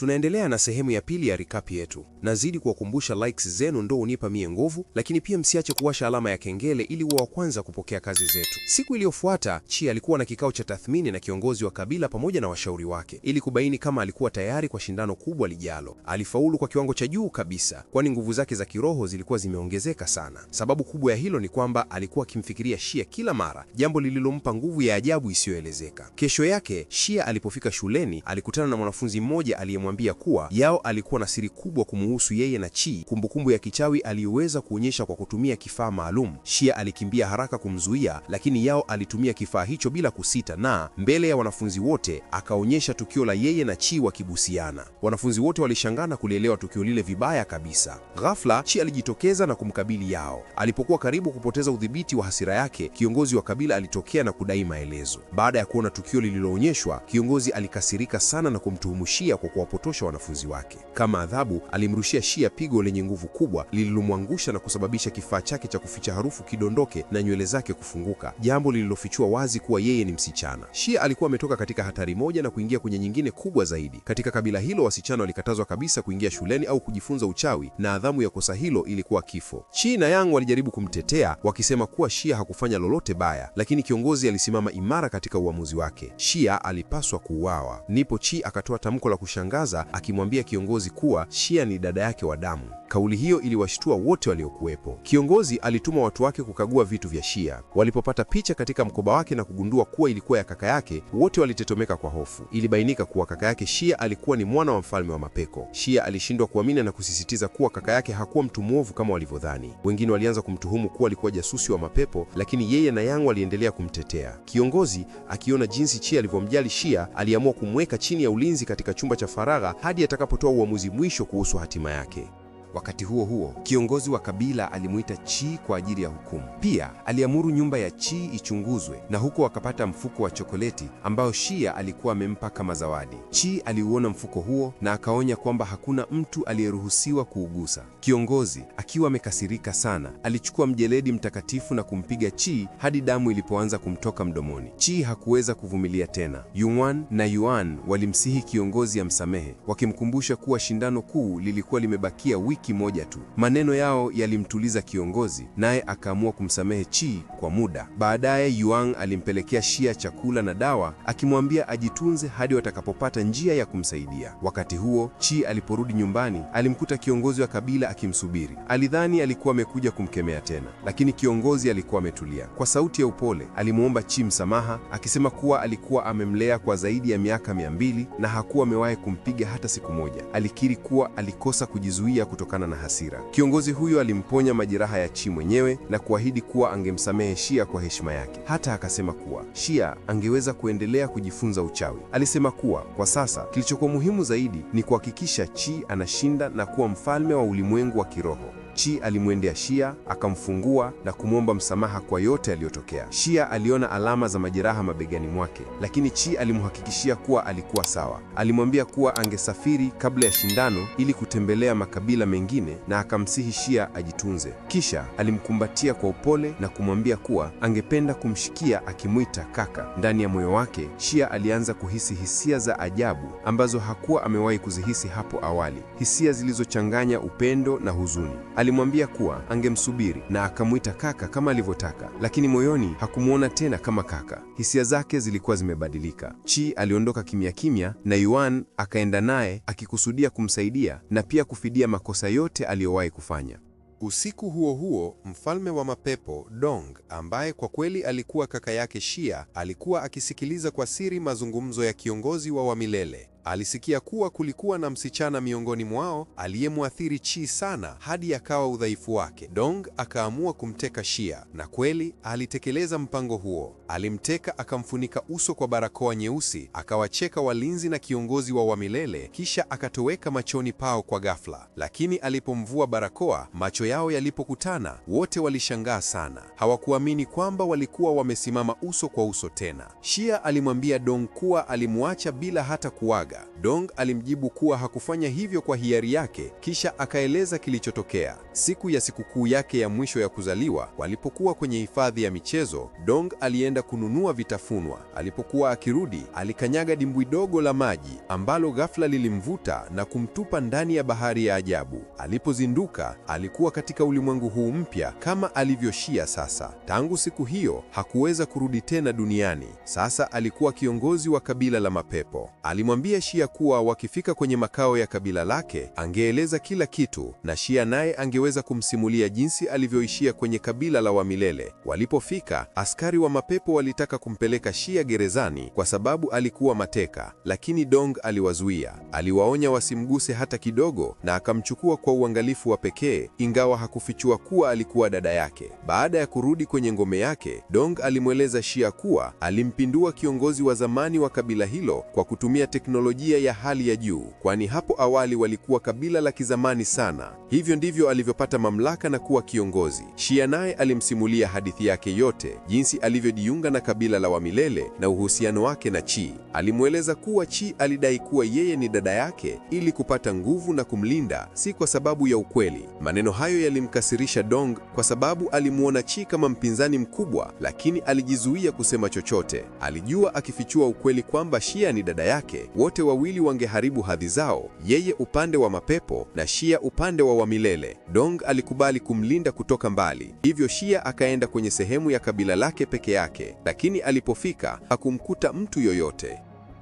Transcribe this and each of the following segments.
Tunaendelea na sehemu ya pili ya recap yetu. Nazidi kuwakumbusha likes zenu ndo unipa mie nguvu, lakini pia msiache kuwasha alama ya kengele ili uwe wa kwanza kupokea kazi zetu. Siku iliyofuata Chi alikuwa na kikao cha tathmini na kiongozi wa kabila pamoja na washauri wake ili kubaini kama alikuwa tayari kwa shindano kubwa lijalo. Alifaulu kwa kiwango cha juu kabisa, kwani nguvu zake za kiroho zilikuwa zimeongezeka sana. Sababu kubwa ya hilo ni kwamba alikuwa akimfikiria Shia kila mara, jambo lililompa nguvu ya ajabu isiyoelezeka. Kesho yake Shia alipofika shuleni alikutana na mwanafunzi mmoja aliyemwambia akimwambia kuwa Yao alikuwa na siri kubwa kumuhusu yeye na Chi, kumbukumbu ya kichawi aliyoweza kuonyesha kwa kutumia kifaa maalum. Shia alikimbia haraka kumzuia, lakini Yao alitumia kifaa hicho bila kusita, na mbele ya wanafunzi wote akaonyesha tukio la yeye na Chi wakibusiana. Wanafunzi wote walishangaa na kulielewa tukio lile vibaya kabisa. Ghafla Chi alijitokeza na kumkabili Yao. Alipokuwa karibu kupoteza udhibiti wa hasira yake, kiongozi wa kabila alitokea na kudai maelezo. Baada ya kuona tukio lililoonyeshwa, kiongozi alikasirika sana na kumtuhumu kwa kuwapo kuwapotosha wanafunzi wake. Kama adhabu, alimrushia Shia pigo lenye nguvu kubwa lililomwangusha na kusababisha kifaa chake cha kuficha harufu kidondoke na nywele zake kufunguka, jambo lililofichua wazi kuwa yeye ni msichana. Shia alikuwa ametoka katika hatari moja na kuingia kwenye nyingine kubwa zaidi. Katika kabila hilo, wasichana walikatazwa kabisa kuingia shuleni au kujifunza uchawi, na adhabu ya kosa hilo ilikuwa kifo. Chi na Yang walijaribu kumtetea wakisema kuwa Shia hakufanya lolote baya, lakini kiongozi alisimama imara katika uamuzi wake. Shia alipaswa kuuawa. nipo Chi akatoa tamko la kushanga alishangaza akimwambia kiongozi kuwa Shia ni dada yake wa damu. Kauli hiyo iliwashtua wote waliokuwepo. Kiongozi alituma watu wake kukagua vitu vya Shia. Walipopata picha katika mkoba wake na kugundua kuwa ilikuwa ya kaka yake, wote walitetemeka kwa hofu. Ilibainika kuwa kaka yake Shia alikuwa ni mwana wa mfalme wa Mapeko. Shia alishindwa kuamini na kusisitiza kuwa kaka yake hakuwa mtu mwovu kama walivyodhani. Wengine walianza kumtuhumu kuwa alikuwa jasusi wa mapepo, lakini yeye na Yang waliendelea kumtetea. Kiongozi akiona jinsi Chia alivyomjali Shia, aliamua kumweka chini ya ulinzi katika chumba cha faragha hadi atakapotoa uamuzi mwisho kuhusu hatima yake. Wakati huo huo, kiongozi wa kabila alimuita Chi kwa ajili ya hukumu. Pia aliamuru nyumba ya Chi ichunguzwe, na huko wakapata mfuko wa chokoleti ambao Shia alikuwa amempa kama zawadi. Chi aliuona mfuko huo na akaonya kwamba hakuna mtu aliyeruhusiwa kuugusa. Kiongozi akiwa amekasirika sana, alichukua mjeledi mtakatifu na kumpiga Chi hadi damu ilipoanza kumtoka mdomoni. Chi hakuweza kuvumilia tena. Yuan na Yuan walimsihi kiongozi amsamehe, wakimkumbusha kuwa shindano kuu lilikuwa limebakia wiki kimoja tu. Maneno yao yalimtuliza kiongozi, naye akaamua kumsamehe Chi kwa muda. Baadaye Yuan alimpelekea Shia chakula na dawa, akimwambia ajitunze hadi watakapopata njia ya kumsaidia. Wakati huo Chi aliporudi nyumbani, alimkuta kiongozi wa kabila akimsubiri. Alidhani alikuwa amekuja kumkemea tena, lakini kiongozi alikuwa ametulia. Kwa sauti ya upole alimwomba Chi msamaha, akisema kuwa alikuwa amemlea kwa zaidi ya miaka mia mbili na hakuwa amewahi kumpiga hata siku moja. Alikiri kuwa alikosa kujizuia kutoka kutokana na hasira. Kiongozi huyo alimponya majeraha ya Chi mwenyewe na kuahidi kuwa angemsamehe Shia kwa heshima yake. Hata akasema kuwa Shia angeweza kuendelea kujifunza uchawi. Alisema kuwa kwa sasa kilichokuwa muhimu zaidi ni kuhakikisha Chi anashinda na kuwa mfalme wa ulimwengu wa kiroho. Chi alimwendea Shia akamfungua na kumwomba msamaha kwa yote aliyotokea Shia aliona alama za majeraha mabegani mwake, lakini Chi alimhakikishia kuwa alikuwa sawa. Alimwambia kuwa angesafiri kabla ya shindano ili kutembelea makabila mengine na akamsihi Shia ajitunze. Kisha alimkumbatia kwa upole na kumwambia kuwa angependa kumshikia akimwita kaka. Ndani ya moyo wake, Shia alianza kuhisi hisia za ajabu ambazo hakuwa amewahi kuzihisi hapo awali, hisia zilizochanganya upendo na huzuni. Alimwambia kuwa angemsubiri na akamwita kaka kama alivyotaka, lakini moyoni hakumwona tena kama kaka. Hisia zake zilikuwa zimebadilika. Chi aliondoka kimya kimya na Yuan akaenda naye akikusudia kumsaidia na pia kufidia makosa yote aliyowahi kufanya. Usiku huo huo, mfalme wa mapepo Dong, ambaye kwa kweli alikuwa kaka yake Shia, alikuwa akisikiliza kwa siri mazungumzo ya kiongozi wa Wamilele. Alisikia kuwa kulikuwa na msichana miongoni mwao aliyemwathiri Chi sana hadi akawa udhaifu wake. Dong akaamua kumteka Shia, na kweli alitekeleza mpango huo. Alimteka akamfunika uso kwa barakoa nyeusi, akawacheka walinzi na kiongozi wa Wamilele, kisha akatoweka machoni pao kwa ghafla. Lakini alipomvua barakoa, macho yao yalipokutana, wote walishangaa sana. Hawakuamini kwamba walikuwa wamesimama uso kwa uso tena. Shia alimwambia Dong kuwa alimwacha bila hata kuwaga kumwaga. Dong alimjibu kuwa hakufanya hivyo kwa hiari yake, kisha akaeleza kilichotokea. Siku ya sikukuu yake ya mwisho ya kuzaliwa, walipokuwa kwenye hifadhi ya michezo, Dong alienda kununua vitafunwa. Alipokuwa akirudi, alikanyaga dimbwi dogo la maji ambalo ghafla lilimvuta na kumtupa ndani ya bahari ya ajabu. Alipozinduka, alikuwa katika ulimwengu huu mpya kama alivyoshia sasa. Tangu siku hiyo, hakuweza kurudi tena duniani. Sasa alikuwa kiongozi wa kabila la mapepo. Alimwambia Shia kuwa wakifika kwenye makao ya kabila lake angeeleza kila kitu na Shia naye angeweza kumsimulia jinsi alivyoishia kwenye kabila la Wamilele. Walipofika, askari wa mapepo walitaka kumpeleka Shia gerezani kwa sababu alikuwa mateka, lakini Dong aliwazuia. Aliwaonya wasimguse hata kidogo na akamchukua kwa uangalifu wa pekee, ingawa hakufichua kuwa alikuwa dada yake. Baada ya kurudi kwenye ngome yake, Dong alimweleza Shia kuwa alimpindua kiongozi wa zamani wa kabila hilo kwa kutumia teknolojia teknolojia ya hali ya juu, kwani hapo awali walikuwa kabila la kizamani sana. Hivyo ndivyo alivyopata mamlaka na kuwa kiongozi. Shia naye alimsimulia hadithi yake yote, jinsi alivyojiunga na kabila la Wamilele na uhusiano wake na Chi. Alimweleza kuwa Chi alidai kuwa yeye ni dada yake ili kupata nguvu na kumlinda, si kwa sababu ya ukweli. Maneno hayo yalimkasirisha Dong kwa sababu alimwona Chi kama mpinzani mkubwa, lakini alijizuia kusema chochote. Alijua akifichua ukweli kwamba Shia ni dada yake, wote wote wawili wangeharibu hadhi zao, yeye upande wa mapepo na Shia upande wa wamilele. Dong alikubali kumlinda kutoka mbali, hivyo Shia akaenda kwenye sehemu ya kabila lake peke yake, lakini alipofika hakumkuta mtu yoyote.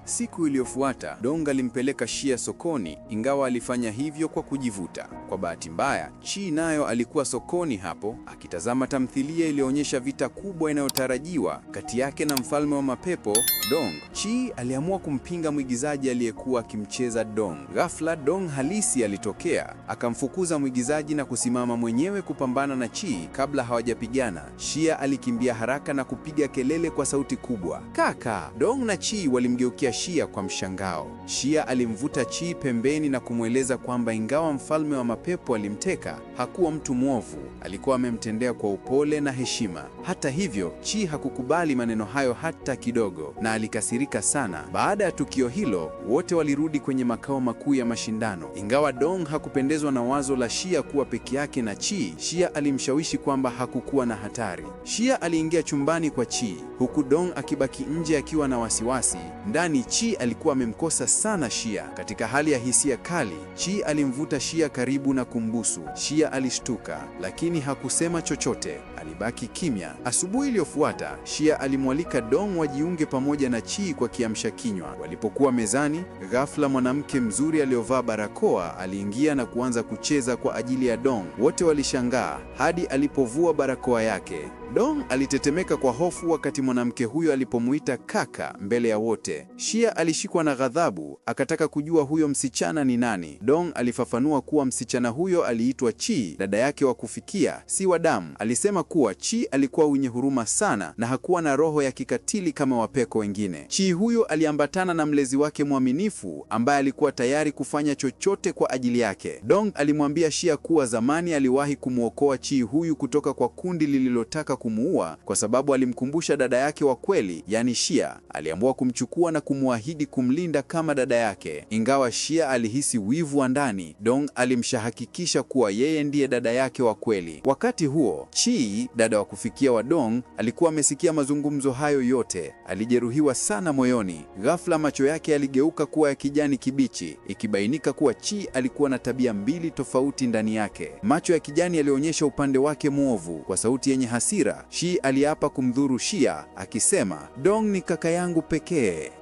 Siku iliyofuata Dong alimpeleka Shia sokoni, ingawa alifanya hivyo kwa kujivuta. Kwa bahati mbaya, Chi nayo alikuwa sokoni hapo akitazama tamthilia iliyoonyesha vita kubwa inayotarajiwa kati yake na mfalme wa mapepo Dong. Chi aliamua kumpinga mwigizaji aliyekuwa akimcheza Dong. Ghafla Dong halisi alitokea, akamfukuza mwigizaji na kusimama mwenyewe kupambana na Chi. Kabla hawajapigana, Shia alikimbia haraka na kupiga kelele kwa sauti kubwa, "Kaka!" Dong na Chi walimgeukia Shia kwa mshangao. Shia alimvuta Chi pembeni na kumweleza kwamba ingawa mfalme wa mapepo alimteka, hakuwa mtu mwovu, alikuwa amemtendea kwa upole na heshima. Hata hivyo, Chi hakukubali maneno hayo hata kidogo na alikasirika sana. Baada ya tukio hilo, wote walirudi kwenye makao makuu ya mashindano. Ingawa Dong hakupendezwa na wazo la Shia kuwa peke yake na Chi, Shia alimshawishi kwamba hakukuwa na hatari. Shia aliingia chumbani kwa Chi, huku Dong akibaki nje akiwa na wasiwasi. Ndani Chi alikuwa amemkosa sana Shia. Katika hali ya hisia kali, Chi alimvuta Shia karibu na kumbusu. Shia alishtuka, lakini hakusema chochote, alibaki kimya. Asubuhi iliyofuata, Shia alimwalika Dong wajiunge pamoja na Chi kwa kiamsha kinywa. Walipokuwa mezani, ghafla mwanamke mzuri aliyovaa barakoa aliingia na kuanza kucheza kwa ajili ya Dong. Wote walishangaa hadi alipovua barakoa yake. Dong alitetemeka kwa hofu wakati mwanamke huyo alipomuita kaka mbele ya wote. Shia alishikwa na ghadhabu, akataka kujua huyo msichana ni nani. Dong alifafanua kuwa msichana huyo aliitwa Chi, dada yake wa kufikia, si wa damu. Alisema kuwa Chi alikuwa mwenye huruma sana na hakuwa na roho ya kikatili kama wapeko wengine. Chi huyo aliambatana na mlezi wake mwaminifu ambaye alikuwa tayari kufanya chochote kwa ajili yake. Dong alimwambia Shia kuwa zamani aliwahi kumwokoa Chi huyu kutoka kwa kundi lililotaka kumuua kwa sababu alimkumbusha dada yake wa kweli, yani Shia. Aliamua kumchukua na kumwahidi kumlinda kama dada yake. Ingawa Shia alihisi wivu wa ndani, Dong alimshahakikisha kuwa yeye ndiye dada yake wa kweli. Wakati huo, Chi, dada wa kufikia wa Dong, alikuwa amesikia mazungumzo hayo yote. Alijeruhiwa sana moyoni. Ghafla macho yake yaligeuka kuwa ya kijani kibichi, ikibainika kuwa Chi alikuwa na tabia mbili tofauti ndani yake. Macho ya kijani yalionyesha upande wake mwovu. Kwa sauti yenye hasira hasira, Shi aliapa kumdhuru Shia akisema, Dong ni kaka yangu pekee.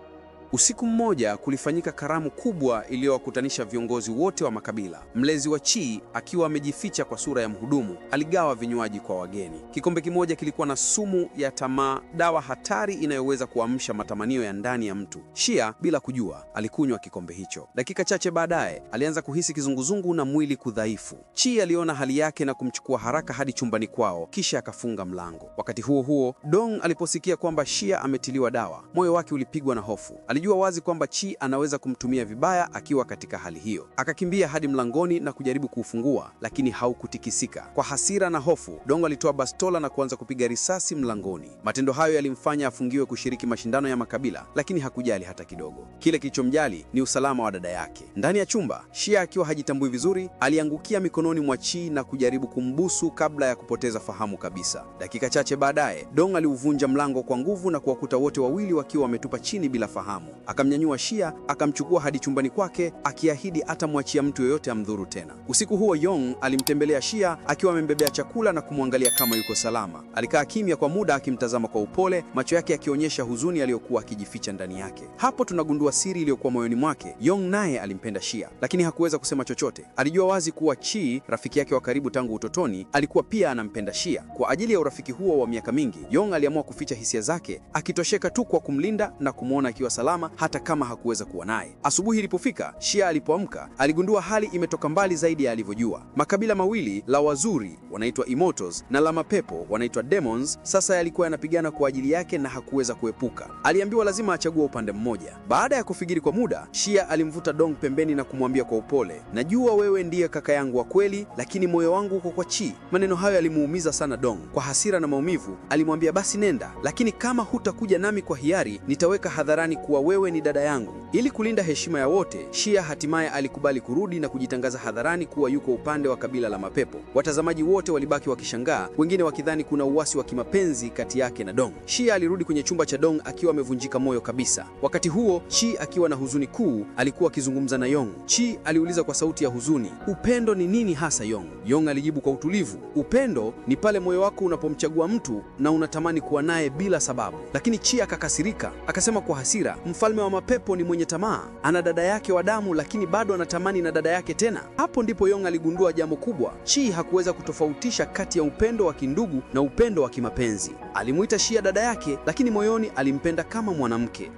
Usiku mmoja kulifanyika karamu kubwa iliyowakutanisha viongozi wote wa makabila. Mlezi wa Chi akiwa amejificha kwa sura ya mhudumu, aligawa vinywaji kwa wageni. Kikombe kimoja kilikuwa na sumu ya tamaa, dawa hatari inayoweza kuamsha matamanio ya ndani ya mtu. Shia bila kujua alikunywa kikombe hicho. Dakika chache baadaye alianza kuhisi kizunguzungu na mwili kudhaifu. Chi aliona hali yake na kumchukua haraka hadi chumbani kwao, kisha akafunga mlango. Wakati huo huo, Dong aliposikia kwamba Shia ametiliwa dawa, moyo wake ulipigwa na hofu. Alijua wazi kwamba Chi anaweza kumtumia vibaya akiwa katika hali hiyo. Akakimbia hadi mlangoni na kujaribu kuufungua, lakini haukutikisika. Kwa hasira na hofu, Dongo alitoa bastola na kuanza kupiga risasi mlangoni. Matendo hayo yalimfanya afungiwe kushiriki mashindano ya makabila, lakini hakujali hata kidogo. Kile kilichomjali ni usalama wa dada yake. Ndani ya chumba, Shia akiwa hajitambui vizuri, aliangukia mikononi mwa Chi na kujaribu kumbusu kabla ya kupoteza fahamu kabisa. Dakika chache baadaye, Dong aliuvunja mlango kwa nguvu na kuwakuta wote wawili wakiwa wametupa chini bila fahamu. Akamnyanyua Shia akamchukua hadi chumbani kwake, akiahidi atamwachia mtu yoyote amdhuru tena. Usiku huo Yong alimtembelea Shia akiwa amembebea chakula na kumwangalia kama yuko salama. Alikaa kimya kwa muda akimtazama kwa upole, macho yake yakionyesha huzuni aliyokuwa akijificha ndani yake. Hapo tunagundua siri iliyokuwa moyoni mwake. Yong naye alimpenda Shia, lakini hakuweza kusema chochote. Alijua wazi kuwa Chi, rafiki yake wa karibu tangu utotoni, alikuwa pia anampenda Shia. Kwa ajili ya urafiki huo wa miaka mingi, Yong aliamua kuficha hisia zake, akitosheka tu kwa kumlinda na kumwona akiwa salama salama hata kama hakuweza kuwa naye. Asubuhi ilipofika, Shia alipoamka aligundua hali imetoka mbali zaidi ya alivyojua. Makabila mawili la Wazuri wanaitwa Imotos na la Mapepo wanaitwa Demons sasa yalikuwa yanapigana kwa ajili yake na hakuweza kuepuka. Aliambiwa lazima achague upande mmoja. Baada ya kufikiri kwa muda, Shia alimvuta Dong pembeni na kumwambia kwa upole, najua wewe ndiye kaka yangu wa kweli, lakini moyo wangu uko kwa Chi. Maneno hayo yalimuumiza sana Dong. Kwa hasira na maumivu alimwambia basi nenda, lakini kama hutakuja nami kwa hiari nitaweka hadharani kuwa wewe ni dada yangu. Ili kulinda heshima ya wote, Shia hatimaye alikubali kurudi na kujitangaza hadharani kuwa yuko upande wa kabila la mapepo. Watazamaji wote walibaki wakishangaa, wengine wakidhani kuna uasi wa kimapenzi kati yake na Dong. Shia alirudi kwenye chumba cha Dong akiwa amevunjika moyo kabisa. Wakati huo, Chi akiwa na huzuni kuu alikuwa akizungumza na Yong. Chi aliuliza kwa sauti ya huzuni, upendo ni nini hasa Yong? Yong alijibu kwa utulivu, upendo ni pale moyo wako unapomchagua mtu na unatamani kuwa naye bila sababu. Lakini Chi akakasirika, akasema kwa hasira, mfalme wa mapepo ni mwenye tamaa, ana dada yake wa damu, lakini bado anatamani na dada yake tena. Hapo ndipo Yong aligundua jambo kubwa: Chi hakuweza kutofautisha kati ya upendo wa kindugu na upendo wa kimapenzi. Alimuita Shia dada yake, lakini moyoni alimpenda kama mwanamke.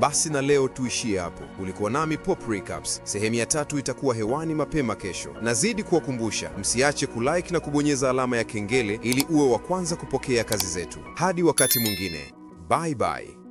Basi na leo tuishie hapo. Ulikuwa nami Pop Recaps. Sehemu ya tatu itakuwa hewani mapema kesho. Nazidi kuwakumbusha msiache kulike na kubonyeza alama ya kengele ili uwe wa kwanza kupokea kazi zetu. Hadi wakati mwingine, bye bye.